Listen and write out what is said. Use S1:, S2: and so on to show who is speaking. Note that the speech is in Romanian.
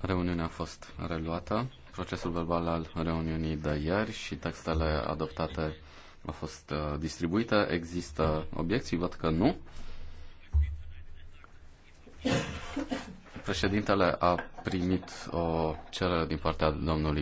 S1: Reuniunea a fost reluată. Procesul verbal al reuniunii de ieri și textele adoptate au fost uh, distribuite. Există obiecții? Văd că nu. Președintele a primit o cerere din partea domnului